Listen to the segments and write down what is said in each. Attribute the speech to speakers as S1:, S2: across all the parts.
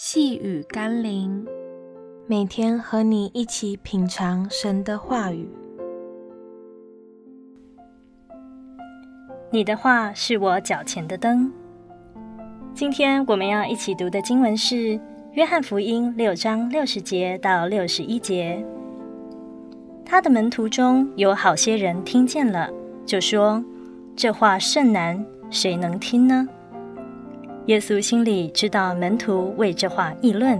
S1: 細語甘霖，每天和你一起品嘗神的話語。祢的話是我腳前的燈。今天我們要一起讀的經文是《約翰福音》六章六十節到六十一節。他的門徒中有好些人聽見了，就說：“這話甚難，誰能聽呢？”耶穌心裡知道門徒為這話議論，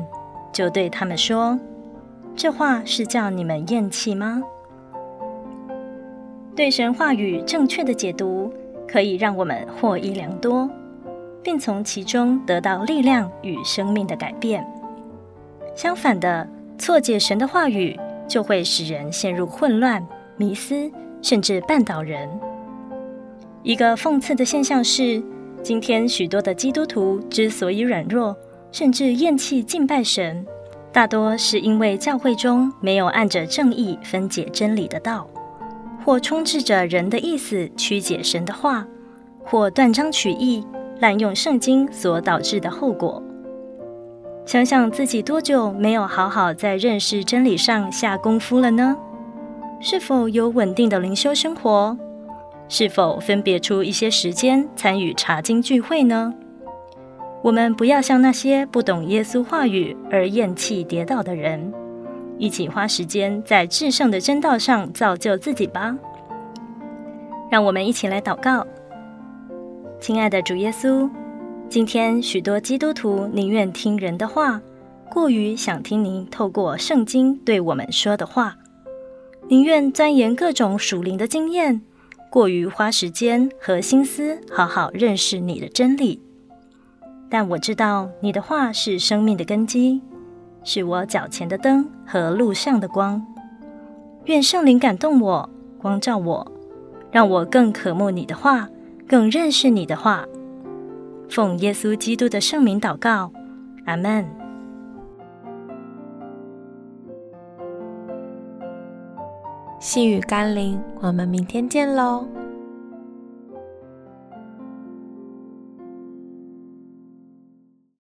S1: 就對他們說：“這話是叫你們厭棄嗎？”對神話語正確的解讀，可以讓我們獲益良多，並從其中得到力量與生命的改變。相反的，錯解神的話語，就會使人陷入混亂、迷思，甚至絆倒人。一個諷刺的現象是，今天許多的基督徒之所以軟弱，甚至厭棄敬拜神，大多是因為教會中沒有按着正意分解真理的道，或充斥着人的意思曲解神的話，或斷章取義、濫用聖經所導致的後果。想想自己多久沒有好好在認識真理上下功夫了呢？是否有穩定的靈修生活？是否分別出一些時間參與查經聚會呢？我們不要像那些不懂耶穌話語而厭棄跌倒的人，一起花時間在至聖的真道上造就自己吧。讓我們一起來禱告，親愛的主耶穌，今天許多基督徒寧願聽人的話，過於想聽祢透過聖經對我們說的話，寧願鑽研各種屬靈的經驗。過於花時間和心思好好認識你的真理，但我知道你的話是生命的根基，是我腳前的燈和路上的光。願聖靈感動我，光照我，讓我更渴慕你的話，更認識你的話。奉耶穌基督的聖名禱告，阿們。細語甘霖，我們明天見嘍。